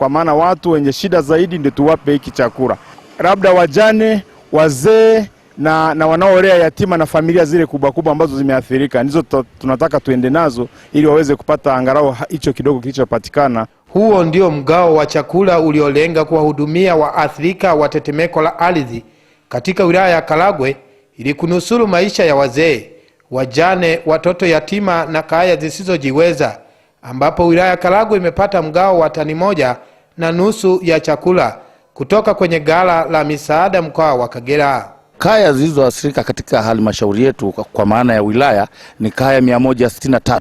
kwa maana watu wenye shida zaidi ndio tuwape hiki chakula, labda wajane, wazee na, na wanaolea yatima na familia zile kubwa kubwa ambazo zimeathirika, ndizo tunataka tuende nazo ili waweze kupata angalau hicho kidogo kilichopatikana. Huo ndio mgao wa chakula uliolenga kuwahudumia waathirika wa tetemeko la ardhi katika wilaya ya Karagwe ili kunusuru maisha ya wazee, wajane, watoto yatima na kaya zisizojiweza, ambapo wilaya ya Karagwe imepata mgao wa tani moja na nusu ya chakula kutoka kwenye gala la misaada mkoa wa Kagera. Kaya zilizoathirika katika halmashauri yetu kwa maana ya wilaya ni kaya 163.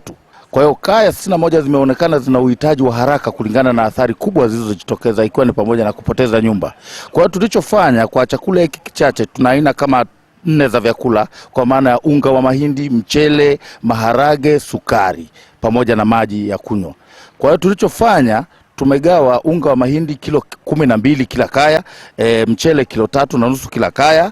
Kwa hiyo kaya 61 zimeonekana zina uhitaji wa haraka kulingana na athari kubwa zilizojitokeza ikiwa ni pamoja na kupoteza nyumba. Kwa hiyo tulichofanya kwa chakula hiki kichache, tuna aina kama nne za vyakula kwa maana ya unga wa mahindi, mchele, maharage, sukari pamoja na maji ya kunywa. Kwa hiyo tulichofanya tumegawa unga wa mahindi kilo kumi na mbili kila kaya, e, mchele kilo tatu na nusu kila kaya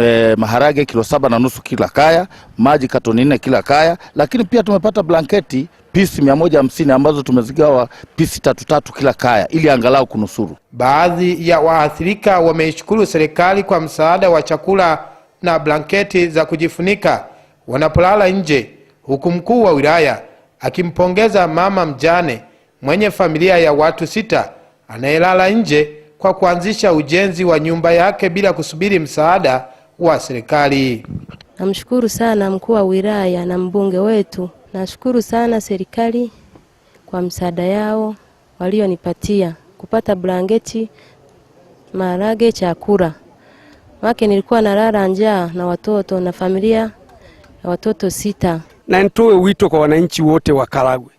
e, maharage kilo saba na nusu kila kaya, maji katoni nne kila kaya, lakini pia tumepata blanketi pisi mia moja hamsini ambazo tumezigawa pisi tatu tatu kila kaya ili angalau kunusuru. Baadhi ya waathirika wameishukuru serikali kwa msaada wa chakula na blanketi za kujifunika wanapolala nje, huku mkuu wa wilaya akimpongeza mama mjane mwenye familia ya watu sita anayelala nje kwa kuanzisha ujenzi wa nyumba yake bila kusubiri msaada wa serikali. Namshukuru sana mkuu wa wilaya na mbunge wetu. Nashukuru sana serikali kwa msaada yao walionipatia kupata blanketi, maharage, chakula wake nilikuwa nalala njaa na watoto na familia ya watoto sita. Na nitoe wito kwa wananchi wote wa Karagwe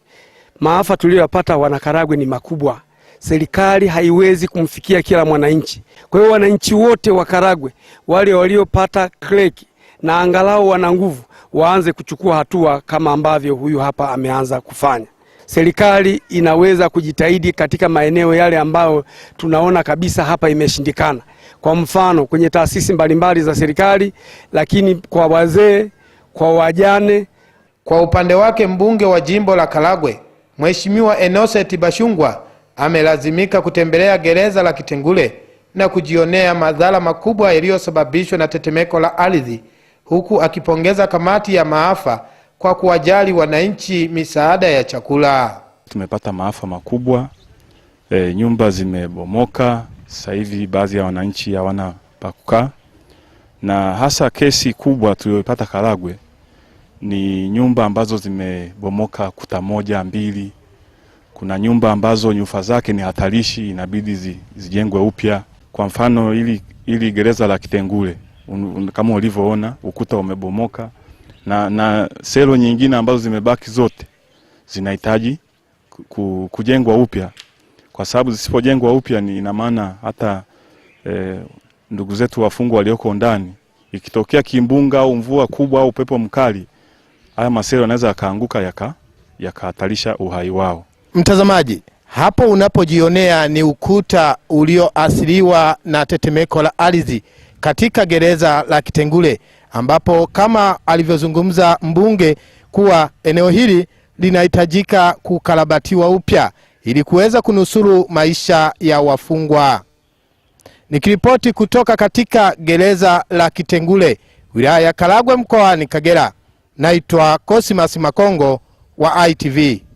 Maafa tuliyoyapata Wanakaragwe ni makubwa. Serikali haiwezi kumfikia kila mwananchi. Kwa hiyo wananchi wote wa Karagwe wale waliopata kleki na angalau wana nguvu waanze kuchukua hatua kama ambavyo huyu hapa ameanza kufanya. Serikali inaweza kujitahidi katika maeneo yale ambayo tunaona kabisa hapa imeshindikana, kwa mfano kwenye taasisi mbalimbali za serikali, lakini kwa wazee, kwa wajane. Kwa upande wake mbunge wa jimbo la Karagwe Mheshimiwa Enoset Bashungwa amelazimika kutembelea gereza la Kitengule na kujionea madhara makubwa yaliyosababishwa na tetemeko la ardhi, huku akipongeza kamati ya maafa kwa kuwajali wananchi misaada ya chakula. Tumepata maafa makubwa e, nyumba zimebomoka. Sasa hivi baadhi ya wananchi hawana pa kukaa, na hasa kesi kubwa tuliyopata Karagwe ni nyumba ambazo zimebomoka kuta moja mbili. Kuna nyumba ambazo nyufa zake ni hatarishi, inabidi zi, zijengwe upya. Kwa mfano ili, ili gereza la Kitengule un, un, kama ulivyoona ukuta umebomoka na, na selo nyingine ambazo zimebaki zote zinahitaji kujengwa upya, kwa sababu zisipojengwa upya ni ina maana hata e, ndugu zetu wafungwa walioko ndani, ikitokea kimbunga au mvua kubwa au upepo mkali haya maselo yanaweza yakaanguka yakahatarisha yaka uhai wao. Mtazamaji, hapo unapojionea ni ukuta ulioathiriwa na tetemeko la ardhi katika gereza la Kitengule, ambapo kama alivyozungumza mbunge kuwa eneo hili linahitajika kukarabatiwa upya ili kuweza kunusuru maisha ya wafungwa. Nikiripoti kutoka katika gereza la Kitengule, wilaya ya Karagwe, mkoani Kagera. Naitwa Cosmas Makongo wa ITV.